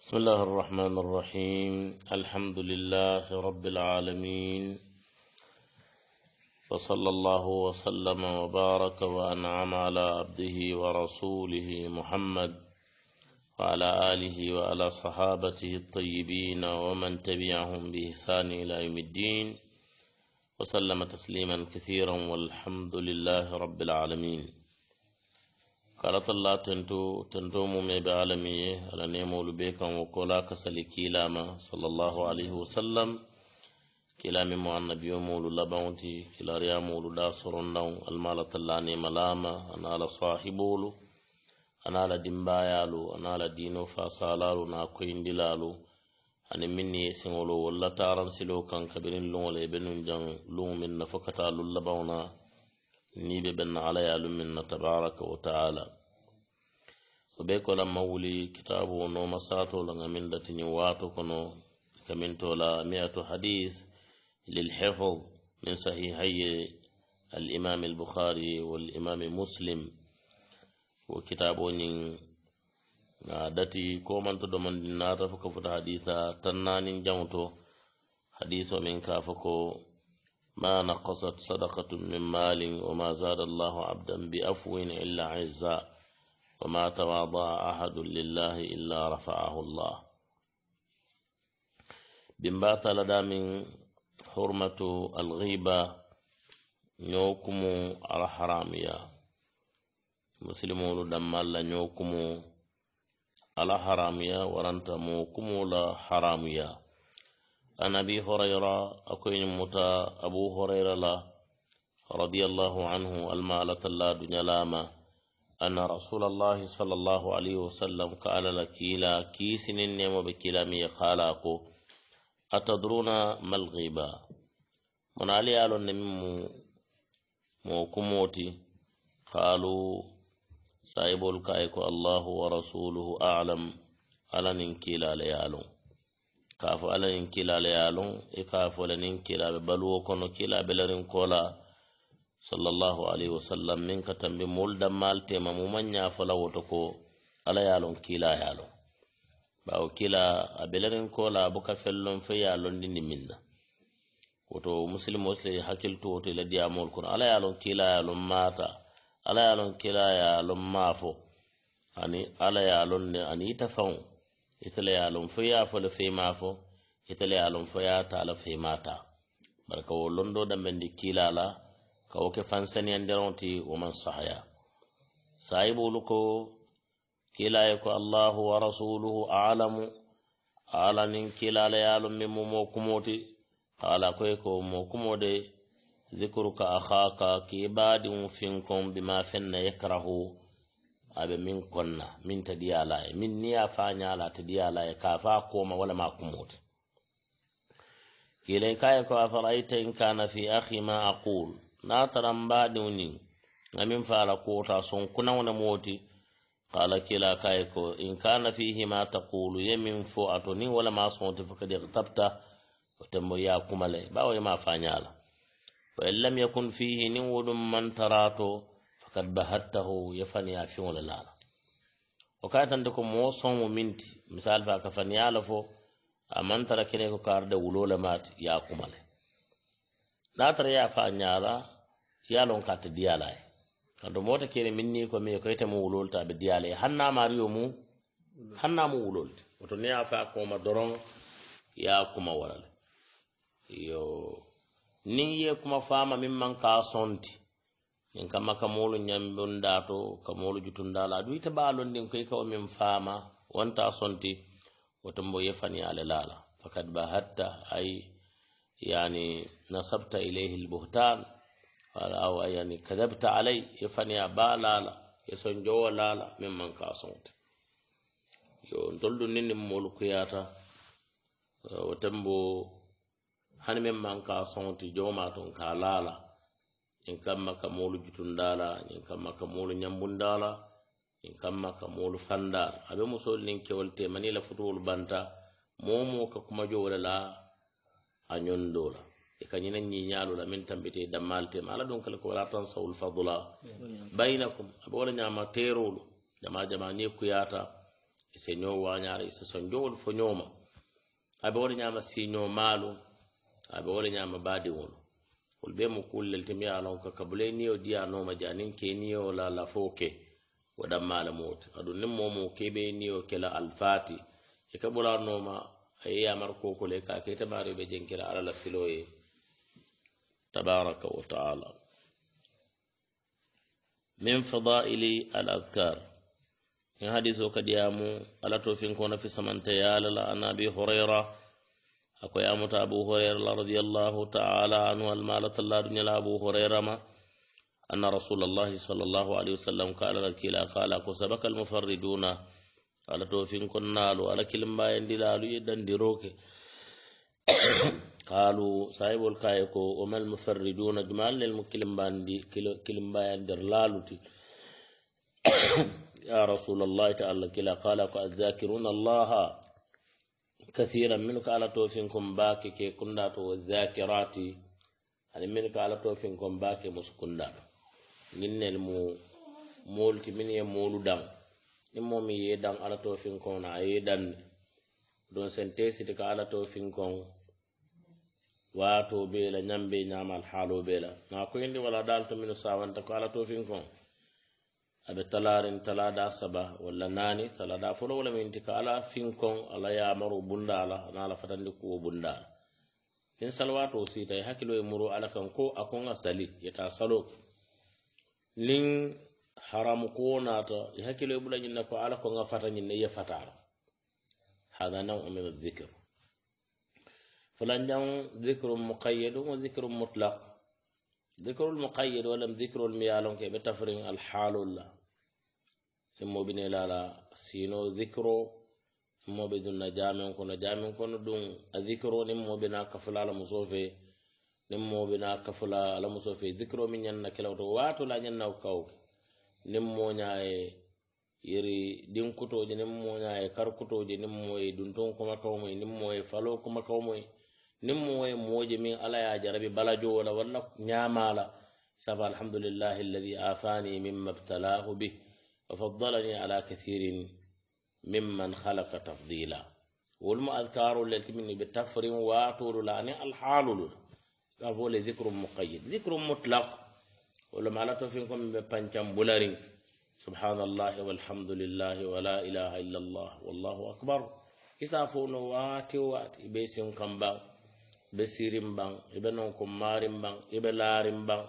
بسم الله الرحمن الرحيم الحمد لله رب العالمين وصلى الله وسلم وبارك وأنعم على عبده ورسوله محمد وعلى آله وعلى صحابته الطيبين ومن تبعهم بإحسان إلى يوم الدين وسلم تسليما كثيرا والحمد لله رب العالمين قالت الله تنتو تنتو مومي بعالمي على نيمول بيكم وكولا كسلي كيلاما صلى الله عليه وسلم كلام مع النبي مولو لبونتي كلا ريامولو دا سرنو المالة الله نيم لاما أنا على صاحبولو أنا على دمبايالو أنا على دينو فاسالالو ناكوين دلالو أنا مني سنولو ولا تارنسلو كان كبرين لون لبنون جان لون من نفقتالو لبونا نيبي بن علي علمنا تبارك وتعالى وبيكو لما ولي كتابه نوم ساتو لنغمين لتني واتو كنو كمين تولى مئة حديث للحفظ من صحيحي الإمام البخاري والإمام مسلم وكتابه نين داتي كومن تدومن دي ناتا فكفت حديثا تنانين جاوتو حديث من كافكو ما نقصت صدقة من مال وما زاد الله عبدا بأفو إلا عزا وما تواضع أحد لله إلا رفعه الله بمبات لدى من حرمة الغيبة نوكم على حرامية مسلمون دمال نوكم على حرامية ورنتموكم على حرامية أنا أبي هريرة أكوين متى أبو هريرة لا رضي الله عنه المالة لا دنيا لاما أن رسول الله صلى الله عليه وسلم قال لكيلا سنين النيم بكلامي قالاكو أتدرون ما الغيبة من علي آل النمي موكموتي قالوا سايبو الكايكو الله ورسوله أعلم على ننكيلا ليالون kafo alanin kilala yalun ikafo e lanin kilabe baluwo kono kilabe larin kola sallallahu alaihi wasallam min ka tambi mul dan mal tema mu manya fala woto ko ala yalon kila yalon bawo kila a belarin kola abu ka fellon fe yalon din minna woto muslim muslim hakil to woto la diya mul kono ala yalon kila yalon mata ala yalon kila yalon mafo ani ala yalon ne ani ta faun itale ya a loŋ fo ye a ma le feema fo itele ye a fo ye a taa le feema taa wo londo la ka wo ke fansaniyandiraŋo ti wo maŋ sahaya ko kiila ya ko allahu wa rasuluhu alamu ala niŋ kiila la ya a mu ala ko ye ko moo ka de ذكرك أخاك كيباد فينكم aɓe min konna min taɗiyalaye min niya fa ñala taɗiyalaye ka fa kooma wala ma kummude kilay kaye ko afaraita in kana fi ahi ma aqul na taran mbaɗiw nin amin fala kota son kunawna mooti qala kila kaye ko in kana fihi ma taqulu yemin fo ato nin wala ma sonti fo kadi tabta o tembo ya kumale ɓawo yema fa ñala wa in lam yakun fihi nin woɗum man tarato kat bahattahu ye faniya fiŋo le laala o ka tante ko moosoŋ mo miŋ ti misali fa ka faniya la fo a maŋ tara kene ko kaari de wuloo le maati ye a kuma le niŋ a tara ye a fa a ñaala ye a loŋ ka ate diya la a ye kanto moo te kene miŋ niŋ ko miŋ ye ko ite mu wuloo le ti a be diya la ye hanna maario mu hanna mu wuloo le ti woto niŋ ye a fa a kooma doroŋ ye a kuma wara le iyo niŋ ye kuma faama miŋ maŋ ka a soŋ ti min kamma ka moolu ñambunda to ka moolu jutundala aɗum wita baalon ndin koye kawo min faama wonta sonti woto mbo yefani ale laala fakat ba hatta ay yani nasabta ilayhi lbuhtan wala aw yani kadabta alay yefani a baa laala yeson jowo laala min man ka sonte yo ndollu ninni moolu kuyata wotembo hani min man ka sonti jomaton ka laala ñiŋ kamma ka moolu jutundala ñiŋ kamma ka moolu ñambundala ñiŋ kamma ka moolu fandala a be musolu niŋ kewolu tema niŋ i la futuwolu banta moo moo ka kumajo wo le la a ñondo la i e ka ñinaŋ ñiñaalu la miŋ tambita i e dammaalu tema ala duŋ kala ko wala tansawul fadula baynakum a be wo le ñaama teeroolu jama jamaa niŋ i kuyaata i se ñoo waañaala i se sonjowolu fo ñooma a be wo le ñaama siiñoo maalu a be wo le ñaama baadiŋolu wol be mu kullel timi ye a lon ka kabule niyo di a nooma je aniŋ ke niyo la lafoo ke wo damma a le mooti aduŋ niŋ moo moo ke be niyo ke la alfaati i ka bula a nooma a ye yamar kooko le ka a ke ite maario be jenkira alla la siloo ye tabaraka wa taala min fadaili al adkar in hadiso kadiyamu ala to finkono fi samantaye alla la an abi hurayra ako yamuta abu hurayra la radiallahu taala anhu almala talladu ñala أبو هريرة ما أن رسول الله صلى الله عليه وسلم قال لك لا قال أكو سبك المفردون على توفين كنالو على كلمة يدن يدندروك قالوا صاحب الكايكو وما المفردون جمال للمكلم باندي كلمة تي يا رسول الله تعالى كلا قال أكو الذاكرون الله كثيرا منك على توفينكم باكي كي كندات والذاكرات ani min ka ala tofin kon bake musu kundal nin nel mu mol min ye molu dan ni mo mi ye dan ala tofin kon na ye dan don sente ka ala tofin kon wato be la be la na ko indi wala dal ko ala tofin kon abe talarin talada saba wala nani talada folo wala minti tika ala finkon ala maru bunda ala ana ala fatandi kuwo bunda ala in salwato sita e hakilo e muru ala kan ko akon asali sali ta salo nin haramu ko nata e hakkilo e ɓula ñinna ko ala kon a fata ya fata fatala hada nan o min fulan fulanjan dicre muqayyadun wa dicre mutlaq dicrol mukayyad walla dicrol mi yalon ke ɓe tafrin alhalol la immoɓine lala sino dicro immoɓe dum na jamin kono jamin kono ɗum a dicro nimmoɓe na kafula alamuso fe nimmoɓe na kafula alamuso fe dicro min ñanna kelawto watola ñanna kaw nimmoña e yeri ɗinkutoje nimmoña e karkutoje nimmo e ɗum ton kuma kawmoy nimmo e falo kuma kawmoye نموي موجمي على يا جربي بلا جولا ولا نعمالا سبع الحمد لله الذي آفاني مما ابتلاه به وفضلني على كثير ممن خلق تفضيلا ولما أذكار التي مني بتفر واتور لاني الحال أقول ذكر مقيد ذكر مطلق ولما لا توفينكم ببنجم بولارين سبحان الله والحمد لله ولا إله إلا الله والله أكبر إسافون واتي واتي بيسيون كمباو بسيرين بان إبنهم كمارين بان إبلارين بان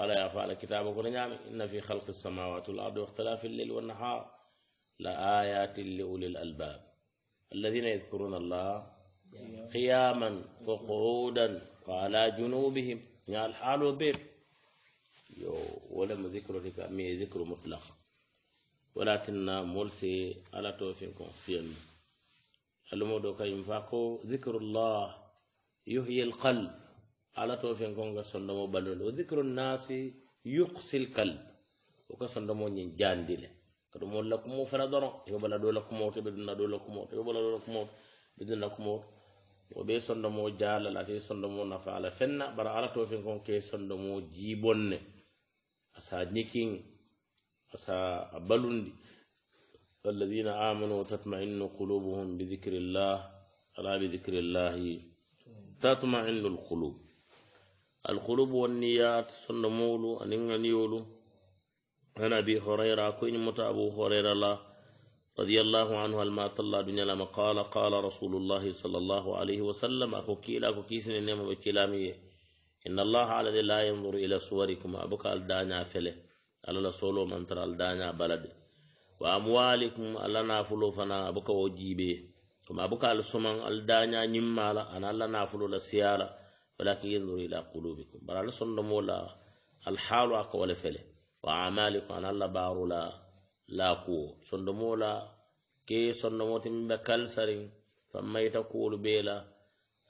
على أفعال كتابه كنا نعمي إن في خلق السماوات والأرض واختلاف الليل والنهار لآيات لأولي الألباب الذين يذكرون الله قياما وقعودا وعلى جنوبهم يا الحال وبيب ولم ذكر لك أمي ذكر مطلق ولكن ملسي على توفيق سيئا alumo do kayum fa ko zikrullah yuhyi alqalb ala to fen konga sondomo balol o zikru nnasi yuqsi lkalb o ka sondomo ñin jandile kaɗum on lakkumo fana doron yo bala ɗo lakkumoto ɓe dunna ɗo lakkumoto yo bala ɗo lakkumoto ɓe dunna lakkumoto o ɓe sondomo jaalal ate sondomo nafa ala fenna bara ala to fen kon ke sondomo jibonne asa ñikin asa a balundi فالذين آمنوا وتطمئن قلوبهم بذكر الله ألا بذكر الله تطمئن القلوب القلوب والنيات سن مولو أنين يولو عن أبي هريرة كوين مت أبو هريرة الله رضي الله عنه الما طلع دنيا لما قال قال رسول الله صلى الله عليه وسلم أكو كيلا أكو كيسن إنما بكلامي إن الله على لا ينظر إلى صوركم أبوك الدانيا فله على رسوله من ترى الدانيا بلده wa amwalikum alla nafulo fana aboka wo jiibe comme aboka al soman al daña ñimmala ana alla nafulo la siyala walakin yenduru ila qulubikum bara ala sondomola alhalu a kowale fele wa amalikum ana alla barula lakuwo sondomola ke sondomotin be kalsarin fammayita kuwolu bela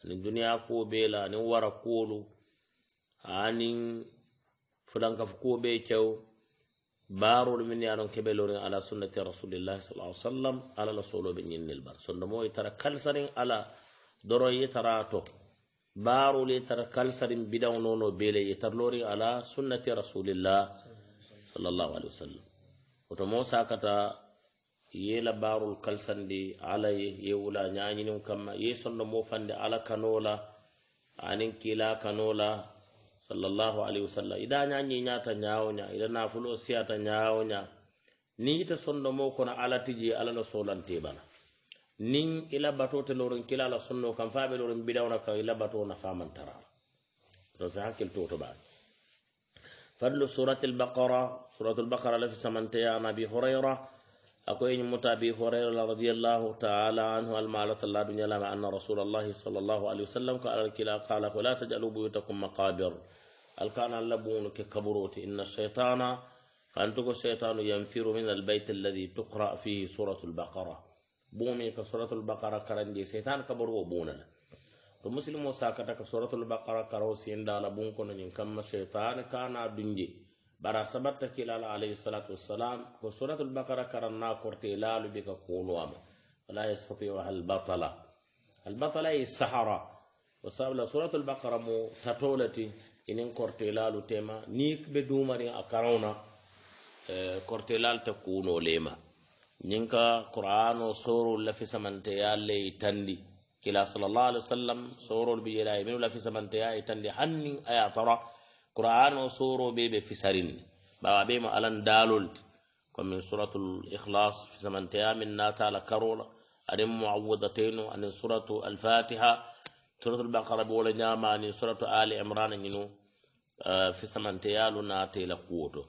ani duniya kuwo bela anin wara kuwolu anin fulankafu kuwo be cew baarol min ye anon kebe lorin ala sunnati rasulillahi sal ah sallam ala la soloɓe ñinnil bar sondomo ye tara kalsarin ala doro ye tara to baarol ye tara kalsarin bidaw nono bele ye tar lorin ala sunnati rasulillah sallallahu alaihi wasallam oto mo sakata yela baarol kalsandi ala ye wula ñañinin kamma ye sondomo fande ala kanola anin kila kanola صلى الله عليه وسلم إذا نعني نعطى نعونا إذا نافلو سياطى نعونا نيت سنة موكونا على تجي على الصولة انتبانا نين إلا باتو تلورن كلا لسنة وكان فابلورن بداونا كا إلا باتو نفامن ترى رسحة كل توتبان فضل سورة البقرة سورة البقرة لفي سمنتيا نبي هريرة أكوين متابي هريرة رضي الله تعالى عنه المعلة الله دنيا لما أن رسول الله صلى الله عليه وسلم قال الكلا قال لا تجعلوا بيوتكم مقابر الكان اللبون ككبروت إن الشيطان أنتك الشيطان ينفر من البيت الذي تقرأ فيه سورة البقرة بومي كسورة البقرة كرنجي شيطان كبر وبونا فمسلم وساكتك سورة البقرة كروسين دالبون كنن كم الشيطان كان دنجي bara sabatta kilala alayhi salatu wassalam ko suratul bakara karanna korte laalu be ka kunuwama wala yastatiuha albatala albatala ye sahara o sabula suratul bakara mo tatolati inin korte laalu tema ni be dumari a karawna korte laal ta kuno lema ñin ka qur'ano sorol lafi samanteya ley tandi kila sallallahu alaihi wasallam sorol bi yela minu lafi samanteya e tandi hannin aya tara قرآن وسورو بي بي في سارين بابا بي ما ألان دالولت كم من سورة الإخلاص في زمن تيام ناتا لكرولا أدم معوضتين أن سورة الفاتحة سورة البقرة بولا نياما أن سورة آل عمران ينو في زمن تيالو ناتي لقوتو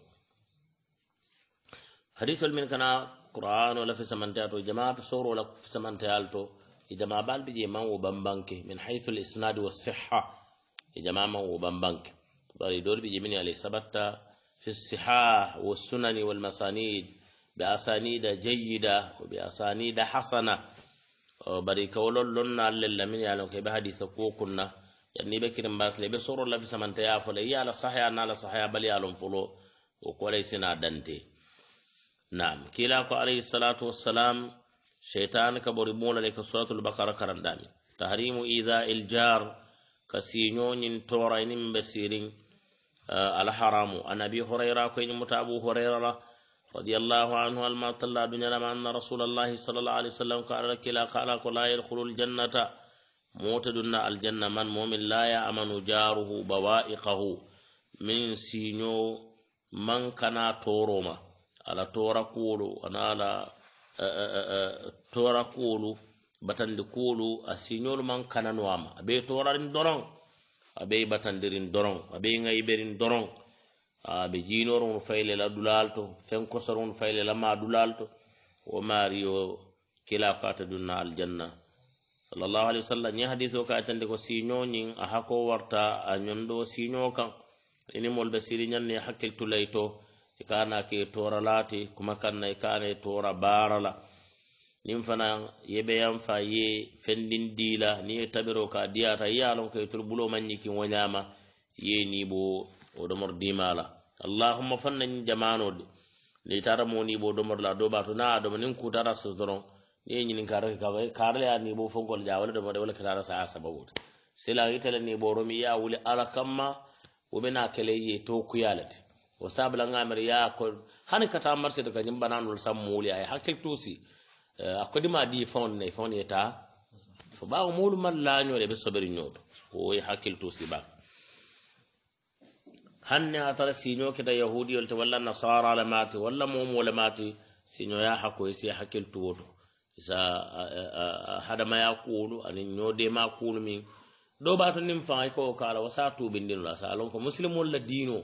حديث من كنا قرآن ولا في زمن تيالو جماعة سورة ولا في زمن تيالتو جماعه بالبدي من وبنبنك من حيث الإسناد والصحة جماعه من وبنبنك bari dol ɓe jemini alay sabatta fi sihah wassunani walmasanid ɓe asanida jeyida ko ɓe asanida hasana bari kawolol lonna allah lamini alon keɓe haditha kukunna yanni ɓe kirin basle ɓe sorolla fi samantaya fola yi ala sahaya nala sahaya bali alon folo o kolay sina dante nam kila ko alayhi salatu wassalam sheitan ka ɓori mulale ko suratul bakara karandami tahrimu ida il jar ka siñoñin toraynin ɓe sirin آه، الحرام عن أبي هريرة كين متابو هريرة رضي الله عنه الما طلع دنيا لما أن رسول الله صلى الله عليه وسلم قال لك لا خلق لا يدخل الجنة موت دنا الجنة من مؤمن لا يأمن جاره بوائقه من سينو من كان توروما على تورا كولو أنا على تورا كولو batandi kuulu a siñolu man kananowama a aɓey batandirin doron aɓey ŋayiɓerin doron aɓe jinorun faylel aɗulalto fenkosorun faylel ama ɗulalto wo mari o kila kata dunna aljanna sallllahu alih wa sallam ñi hadise o ka tande ko siñoñin a hako warta a ñonɗo siño kan inimol ɓe siri ñanni hakkil tulay to e kana ke toralate kuma kanna e kana e tora barala nin fana yebeyan fa ye fendin dila ni ye tabiro ka diyata ye alon ka yetur bulo man ñikin woñama ye ni bo o domor dimala allahuma fanna ñin jamano de ni tara mo ni bo domor la doba to na adama nin kutara so doron ni ye ñinin kar karle ya ni bo fonkol ja wala domor de wala kitara saya sababuta sila itala ni bo romi ya wuli ala kamma wobena kele ye to kuyalati o sabla ngamer ya ko hani kata marsi de ka ñim bananul sam muli ay hakkel tusi Eh, a kodima di fond ne fond eta fo baawo muulu mal laañore ɓe soɓeri ñooɗo koye hakkille tusi ba hanne atara siñoo keta yahudiyol te walla nasara le maati walla momole maati siñoya hakkoye si hakkille tuwoto e sa hadamaya kuulu ani ñoodema kuulu min ɗo ɓa to nin faŋ e ko kala wasa tuɓindinola sa lon ko musilimol la diino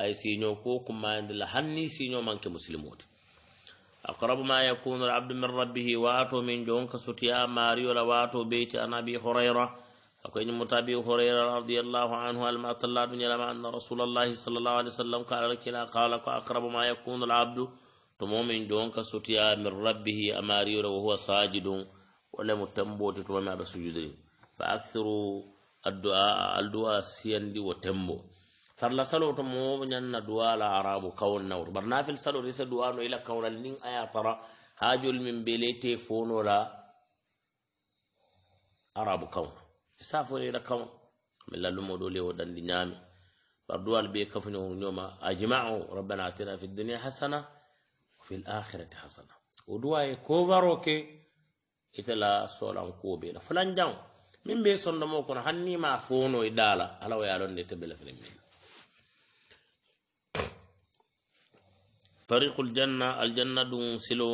ay siño ko kummayindila hanni siño manke musilimoti أقرب ما يكون العبد من ربه واتو من جونك ستيا ماريو لواتو بيت أنا أبي هريرة أكوين متابي هريرة رضي الله عنه ألم أطلع من يلم أن رسول الله صلى الله عليه وسلم قال لك لا قال أقرب ما يكون العبد تمو من جونك ستيا من ربه أماريو وهو ساجد ولا تنبوت تمام على سجودين فأكثروا الدعاء الدعاء سيندي وتنبو سر لسلو تمو نن دوالا عرب كون نور برنا في السلو ريس دوانو الى كون لين ايا ترى هاجل من بيلي تيفون ولا عرب كون سافو الى كون من لالو مودولي ودان دي نامي بردوال بي كفنو نيوما اجمعوا ربنا اعتنا في الدنيا حسنه وفي الاخره حسنه ودواي كوفاروكي إتلا سولان كوبي فلان جاو من بي سون دمو كون هاني ما فونو يدالا على ويالون نتبل في المين طريق الجنة الجنة دون سلو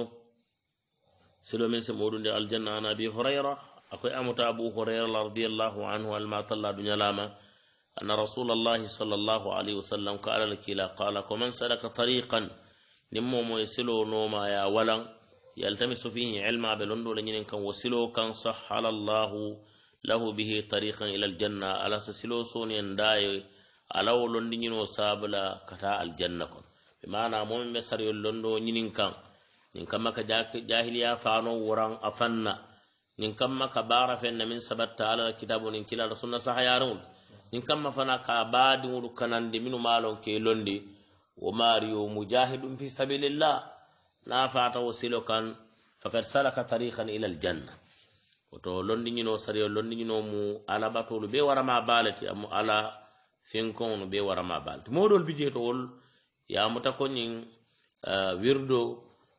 سلو من سمودون الجنة عن أبي هريرة أكوي أمت أبو هريرة رضي الله عنه الما طلع دنيا لاما أن رسول الله صلى الله عليه وسلم قال لك لا قال ومن سلك طريقا نمو مو يسلو نوما يا ولا يلتمس فيه علما بلندو لنين كان وسلو كان صح على الله له به طريقا إلى الجنة على سلو سوني داي على ولندين وسابلا كتا الجنة كن mana momin be sariyol londo ñinin kan nin kamma ka jahiliya fano woran a fanna nin kamma ka bara fenna min sabatta ala la kitabu nin kilala sunna sahayarewol nin kamma fana ka badiŋolu kanandi minu malon ke londi wo mariyo mujahidum fi sabilillah na fata wo silo kan fakad salaka tarikan ila aljanna woto londiñino sariyol londiñino mu ala batolu be warama balati amu ala finkonu be warama balati modol bijeto wol yamuta ko ñin eh, wirdo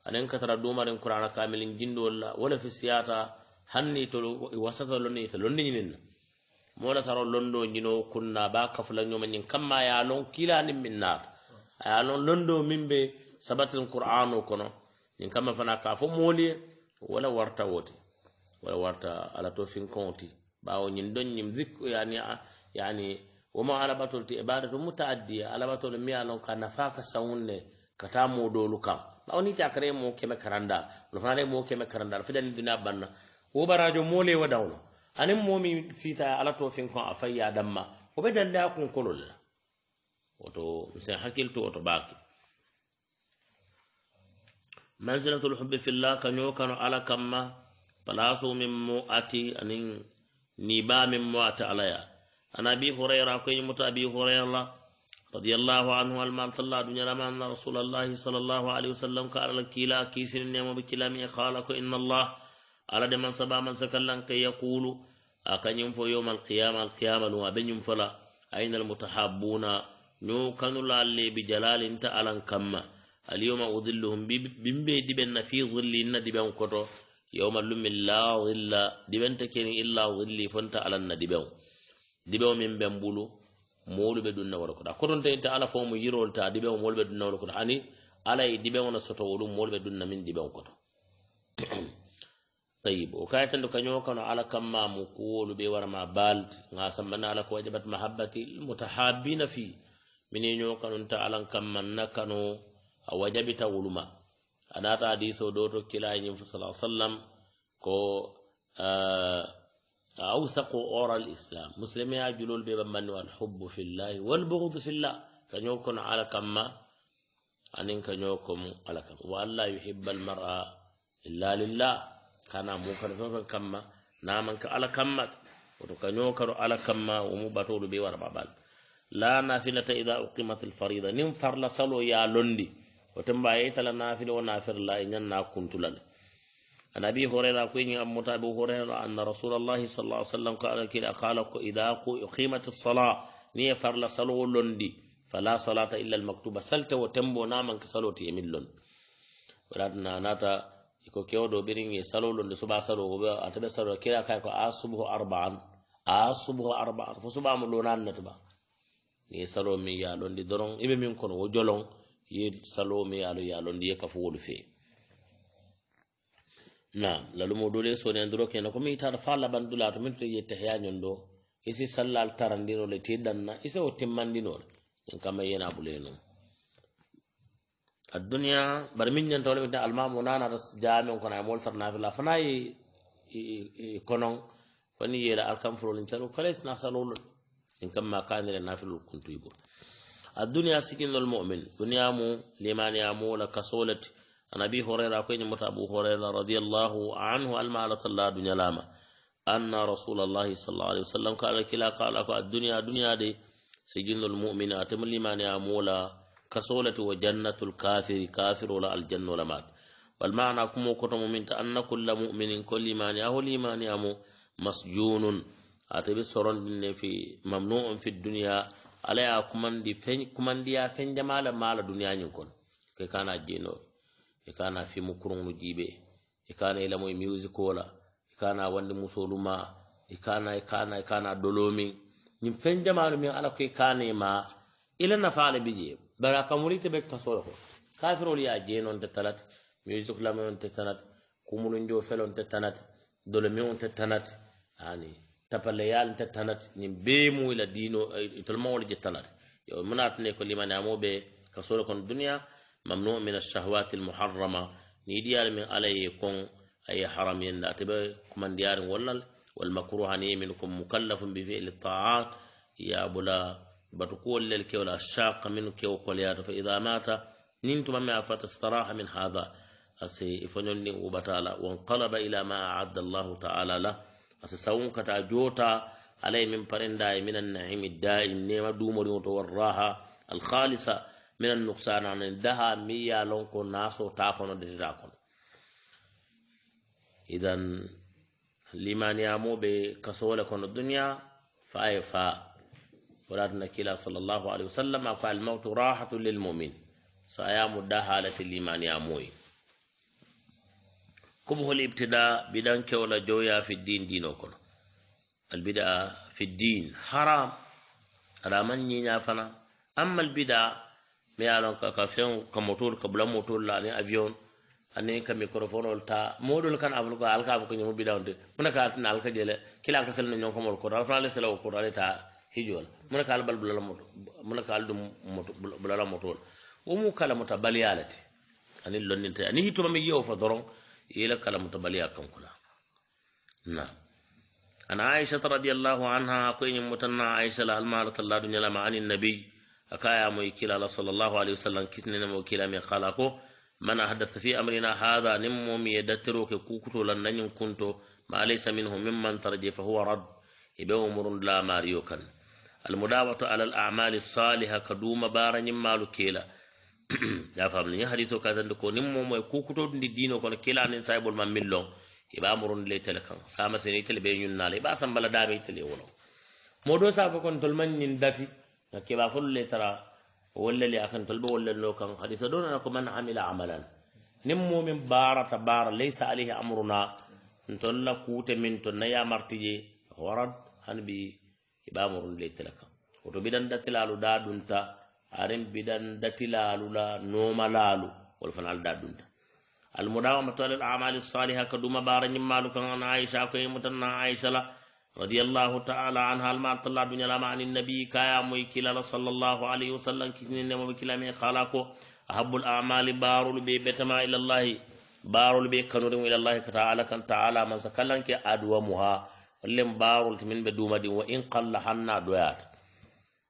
anen katara dumaren qurana kamilin jindowolla wala fi siyata hanni to wasatalo ni ta londi ñininna mola taro londo ñino kunna ba kafula ñoma ñin kamma ya lon kilani min nata aya lon londo min be sabatin qur'anu kono ñin kamma fana ka fo moliye wala warta wote wala warta ala to fin konti bawo ñin don ñim zikko yani yani woma alabatol ti ibadato mutaaddiya alabatol miya lon ka nafaka sawunne kata modolu kam bawni ta kare mo keme karanda no fanare mo keme karanda fidan dina banna wo barajo mo le wada wono anen mo mi sita ala to fin kon afayya damma o be dalla kun kolol woto sen hakil to woto baki manzilatul hubbi fillah kanyo kanu ala kamma palaso min mu ati anin ni ba min mu ati alaya عن أبي هريرة كي مت أبي هريرة رضي الله عنه المال صلى الله أن رسول الله صلى الله عليه وسلم قال لك كلا كيسر النعم بكلامي خالق إن الله على دم سبا من سكن كي يقول أكن في يوم القيامة القيامة وابن فلا أين المتحابون نو كانوا لالي بجلال انت ألن كما اليوم بم بمبي دبن في ظل إن دبن كتو يوم اللوم لا ظل دبن تكين إلا ظل فانت على دبن dibeo min ɓen mbulu moolu ɓe ɗunnawol koɗa kotonto inte ala fomo yirol ta diɓeo moolu ɓe ɗunnawol koɗa ani alay diɓeona sotowolu moolu ɓe ɗunna min diɓen koto tayib o kayitando kañoo kano ala kamma mu kuwolu ɓe warama baalde ga sambana ala ko wajabat mahabbati lmutahabina fi mini e ñoo kanunta alan kammanna kano a wajabita wuluma anata adiso ɗo to kilayi ñin fo sala sallam ko uh, أوثق أورا الإسلام مسلمي أجلول بمن والحب في الله والبغض في الله يكون على كما أنين يكون على كما والله يحب المرأة إلا لله كان موكر كما نامنك على كما يكون على كما ومبطول بيور بابال لا نافلة إذا أقيمت الفريضة ننفر لصلو يا لندي وتنبعيت لنافل ونافر لا إننا كنت لله an abi hurayra kuyñi ammuta abu hurayra anna rasulllahi salah sallam kaakila kala ko ida ku uqimat sala ni e farla salowo londi fala salata illa almaktuba salte wo tembo namanke salo ti emin lon waɗatna anata iko kewɗo ɓiringi salo londi suba salo o ataɓe salo kira kay ko a subho arbaan a subho arbaan fo subama lonannetaba ni salo min yalondi doron iɓe min kono wo jolon yi salo min yalo yalondi ye kafowolu fewi Na loolu moo doonii sonee duroo keenan kumii faalla ban duulaa kumii ta'e teheeyaa nyoondoo isi sallaan taran diinoo la ittiin danna isa watti mbaa diinoo la. Ninka mayyee naa bulaa nuu. Adunyaa bara mii nyaatawalee biti alimaamu naanaa jaamiiru kunaan ammoo waltarra fanaa yi konoon fani yeedhaa al kanfuloo leen cari oole kirees naasa loowul ni ninkummaa kaan duree naafiil olkutu yi kun. Adunyaa sikiin nol mɔmin duniyaamu أنا أبي هريرة كين مت أبو هريرة رضي الله عنه ألما على صلى دنيا لاما أن رسول الله صلى الله عليه وسلم قال كلا قال الدنيا دنيا دي سجن المؤمن أتم لمن يامولا كسولة وجنة الكافر كافر ولا الجنة ولا مات والمعنى كم وكتم مؤمن أن كل مؤمن كل من يهو لمن يامو مسجون أتبي سرون في ممنوع في الدنيا عليها كمان دي فين كمان دي فين جمال مال الدنيا يكون كي كان الجنور e kana fimu kuroŋolu jiibe e kana ilamo e musico la e kana wandi musolu ma e kana e kana e kana dolomin ñiŋ feŋ jamaalu miŋ ala ko e kana e ma ila nafa le bi jee bari a kamurite be kaso le ko kafirolu ye a jee non te tanati musique lamayon te tanati kumulunjo felon te tanati dolomiŋo te tanati ani tapaleyal te tanati ñiŋ bee mu ila diino itolumawolu je tanati yo munaatane ko limaniyamo be kasole kono duniya ممنوع من الشهوات المحرمة نيديار من عليه كون أي حرام يناتب كمان ديار ولا والمكروه أن منكم مكلف بفعل الطاعات يا بلا بتقول لك ولا الشاق منك وقليات فإذا مات ننتم ما فتستراح من هذا أسي إفنوني وبتالا وانقلب إلى ما أعد الله تعالى له أسي سون علي عليه من برنداي من النعيم الدائم نيما دومر وتوراها الخالصة من النقصان عن الدها مي يالون كون ناسو تاخونو دجرا كون إذن لمن يامو بكسولة كون الدنيا فأي فا ولاتنا كلا صلى الله عليه وسلم قال الموت راحة للمؤمن سأيام الدها التي لمن يامو كبه الابتداء بدن كولا جويا في الدين دينو كون البدا في الدين حرام رامن من فنا أما البدا mi ye ka feŋo ka motolu ka bula motolu la aniŋ avion aniŋ ka microfonol ta moodolu kana a ko ala ka fo ko ñemu bidawonte muna ka atina ala ka jele kila ka sele na ñoŋ komol koto ala fana ale sele wo koto ale ta hijo la muna ka ala bal bulala moto muna ka ala dum moto bulala moto la wo mu kalamuta baliya le ti aniŋ lonninta aniŋ hituma mi yewo fa doroŋ ye la kalamuta baliya kankula na عن عائشة رضي الله عنها قيل متنا عائشة الألمارة الله دنيا مع النبي أكايا يكيل الله صلى الله عليه وسلم كسنين موكيلا من قالكو من أحدث في أمرنا هذا نمم يدترو كوكتو لن كنتو ما ليس منه ممن ترجي فهو رد إبه أمر لا ماريو كان المداوة على الأعمال الصالحة كدوم بارا نمالو كيلا يا فامني حديثو كذا كو نمم كوكتو دي دينو كون كيلا نين سايبول من ملون إبا أمر لي تلكا سامسيني تلبين ينال إبا دامي تلي ولو مودو سافو كون تلمن داتي كيف أقول لي ترى ولا لي أخن طلبه ولا اللي كان حديث دون أنا كمان عمل عملا نمو من بارة بار ليس عليه أمرنا نتولى كوت من تنيا مرتجي ورد هنبي إبا مرن ليتلك وتبدن دتلالو دادنتا أرين بدن دتلالو لا نوم لالو والفنال دادنتا المداومة على الأعمال الصالحة كدوما بارن مالو كان عائشة كي متنا عائشة لا radiallahu taala an ha alma artalla duñalama ani nabi kaya moye kilala sallllahu alayhi wa sallam kisininemo ɓe kilami e kala ko ahabul amali barolu ɓe betama ilallahi barolu ɓe kanurimo ilallahi ka taala kan taala mansa kalanke adwa muha wallem barol timin ɓe duumadin wa in qalla hanna doyata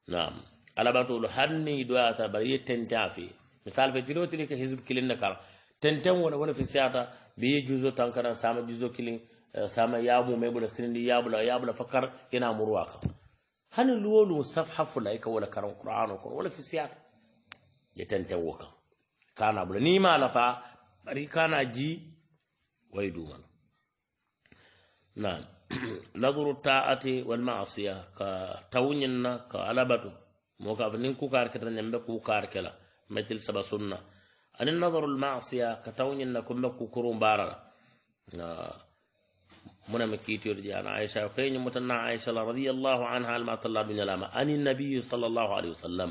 nam alabatolu hanni doyata bara ye tente a fe misal fe tiriotiri ka hisbe kilinne kara tenten wona wona fe siyata ɓe ye juso tankaran sama juso kilin Eh, sama yamu ya bula ya bula fakar murwa ka hani luwolu safhafu laika wala karan qur'anu ko wala fi siyar ya tantawo ka kana bula ni ma lafa bari kana ji wai duman na nazuru ta'ati wal ma'siya ka tawunna ka alabatu mo ka finin ku kar kitan nyambe ku kar kala metil saba sunna anin nazaru al ma'siya ka tawunna kum ku kurum barara منام كيتير جان عائشة وكين متنا عائشة رضي الله عنها لما طلع من لما أن النبي صلى الله عليه وسلم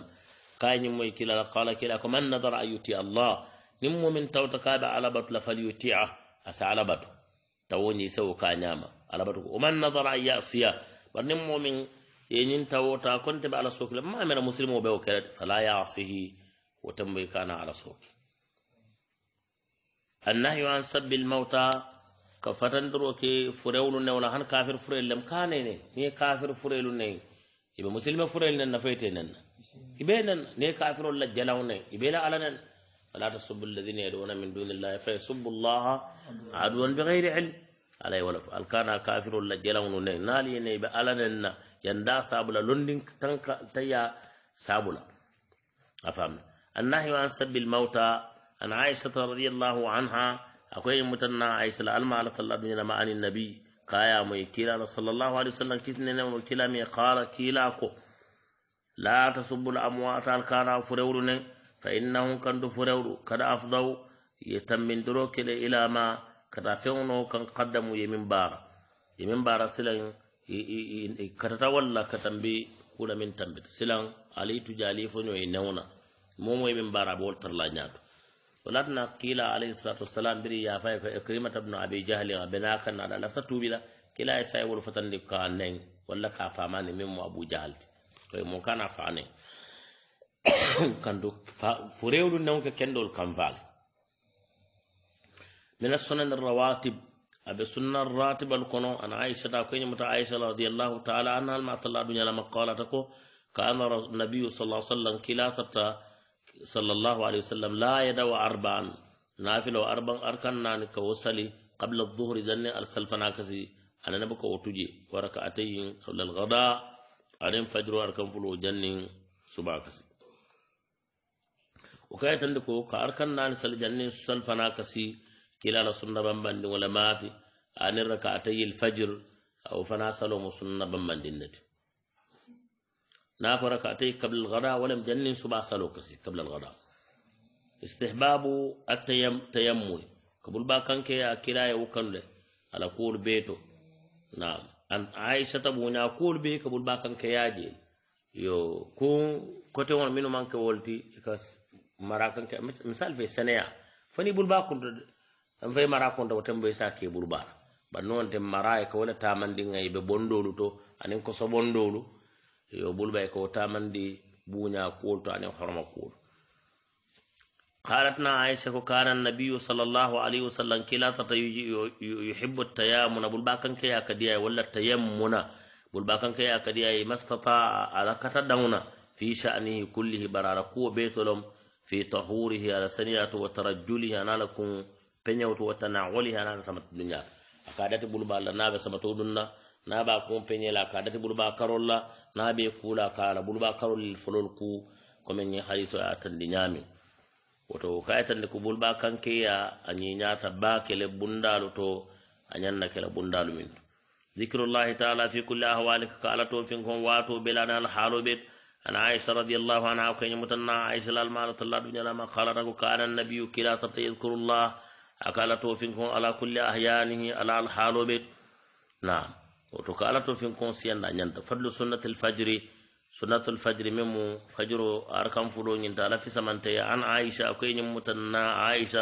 كاين ميكلا قال كلا كمن نظر أيتي الله نم من توتكاب على بط لفليطيعه أسا على بط توني سو كانيما على بط ومن نظر أن يعصيه برنمو من ينين توتا كنت على سوق لما من مسلم وبوكرت فلا يعصيه وتم كان على سوق النهي عن سب الموتى ka fatal doro ke furewlu ne wala han kafir furel lam kane ne ni kafir furelu ne ibe muslima furel ne na fayte nan ibe nan ne kafirol la jalaw ne ibe la ala nan wala tasubbu alladhina yad'una min dunillahi fa yasubbu allaha adwan bighayri ilm alay wala fa alkana kafirol la jalaw ne nali ne ibe ala nan na yanda sabula londin tanka taya sabula afam النهي عن سب الموتى عن عائشة رضي الله عنها akwai mutanna ay sala alma ala sallallahu alaihi wasallam ma'anin nabi kaya mai kila sallallahu alaihi wasallam kisne ne mai kila mai kala kila ko la tasubbu al amwat al kana furewru ne fa innahum kandu furewru kada ya yatammin duro kila ila ma kada fewno kan qaddamu yamin bara yamin bara silan ta walla tambi kula min tambi silan ali tujali fonyo e newna momo yamin bara bol tarla nyaato ولاتنا قيل عليه الصلاة والسلام بري يا فايك إكرمة ابن أبي جهل بناك على نفس توبلا كلا يسعي ولفتن لكانين ولا كافامان من أبو جهل طيب مو كان أفعانين كندو فريول نونك كندول كنفال من السنن الرواتب أبي السنة الراتب القنو أنا عائشة كوني متى عائشة رضي الله تعالى عنها ما طلع دنيا لما قالت كان النبي صلى الله عليه وسلم كلا ستا صلى الله عليه وسلم لا يدوى أربعا نافل وأربع أركان نان كوسلي قبل الظهر ذن أرسل فناكسي أنا نبكو وتجي وركعتين قبل الغداء أرين فجر أركان فلو جنن سباكسي وكاية تندكو كأركان نان سل جنن سل فناكسي كلا لسنة بمبان دي ولماتي أن ركعتين الفجر أو فناسلو مسنة بمبان دي na fara ka tai kabil gada walam jannin su ba sa lokaci kabil gada istihbabu at-tayammu kabul ba kanke ya kira ya wukan da ala kur beto na an aisha ta buna kur be kabul ba kanke ya je yo ko kote won minu man ke wolti ka mara kanke misal fe sanaya fani bulba kun da an fe mara kun da watan bai sa ke bulba ba non te mara ka wala ta man dinga be bondolu to anin ko so bondolu yo bulu bay ko tamandi buña kuwol to anin horma kuwol قالتنا عائشة كان النبي صلى الله عليه وسلم كلا يحب التيامن بالباكن كيا كديا ولا التيمن بالباكن كيا كديا ما استطاع على كتدونا في شأنه كله براركو بيتلم في طهوره على سنيات وترجله أنا لكم بنيوت وتنعوله أنا سمت الدنيا أكادت بالبالا نابة سمتودنا naba kumpeñela ka dati buluba karolla nabe kula kala buluba karol folol ku komin yi hadisu a tandi ñami woto kaye tandi ko buluba kankeya a ñiñata ba kele bundalu to a ñanna kele bundalu min zikrullahi taala fi kulli ahwalika ka ala to fin kon wato belani alhaalo ɓet an aisha radiallahu anha ko ñamu tanna aisha lalmala salla du ñalama kala tago kana nabiyu kila satta yadkurullah aka ala to fin kon ala kulli ahyanihi ala alhaalo ɓet naam وتكالة في الكونسيان أن يندفد سنة الفجر سنة الفجر مم فجر أركان فلون ينتال في سمنتي عن عائشة أكي نمتنا عائشة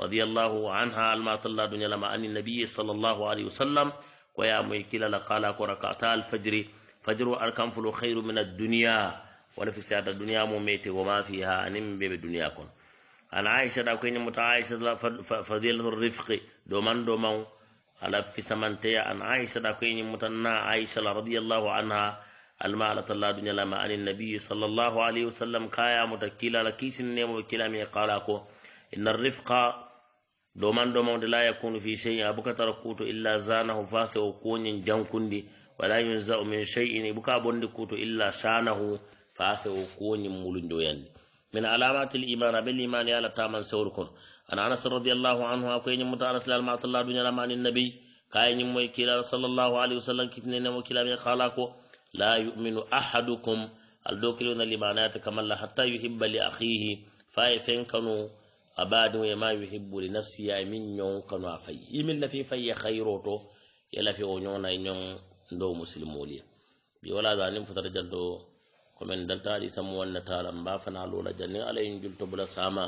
رضي الله عنها المات الله دنيا لما أن النبي صلى الله عليه وسلم ويا ميكيلا لقالا كركعتا الفجر فجر أركان فلو خير من الدنيا ولا في سيادة الدنيا مميت وما فيها أنم بدنيا كون عن عائشة أكي نمت فضيلة الرفق دومان دومان على في سمنتي أن عائشة كيني متنا عائشة رضي الله عنها المال الله دنيا لما عن النبي صلى الله عليه وسلم كايا متكيلا لكيس النيم وكلا من أكو إن الرفق دومان دومان لا يكون في شيء أبوك تركوت إلا زانه فاسه وكون جنكندي ولا ينزع من شيء أبوك بندكوت إلا شانه فاسه وكون مولن من علامات الإيمان بالإيمان يالا تامن سوركم ان انس رضي الله عنه اكو ني مت أنا لال معت الله دنيا مان النبي كاي ني موي كي صلى الله عليه وسلم كي ني مو كلام خالاكو لا يؤمن احدكم الدوكلون الايمانات كما الله حتى يحب لاخيه فاي فين كانوا اباد ما يحب لنفسه اي من نيون كانوا افاي يمن في في خيرتو يلا في ونيون اي نيون دو مسلمولي بي ولا ظالم فتر جندو كومن دلتا دي سمو ونتا لام با فنا لولا جنن علي نجلتو بلا سامه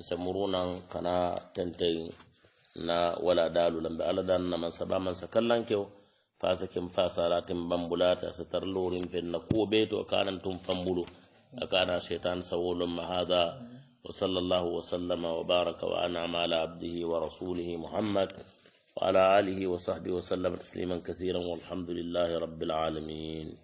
semuruna kana tentei na wala dalu lambe ala dan na man saba man sakallan kew fasa kim fasa latin bambulata satar lorin fen na ko beto kanan tum fambulo akana shaitan sawolum mahada وصلى الله وسلم وبارك وأنعم على عبده ورسوله محمد وعلى آله وصحبه وسلم تسليما كثيرا والحمد لله رب العالمين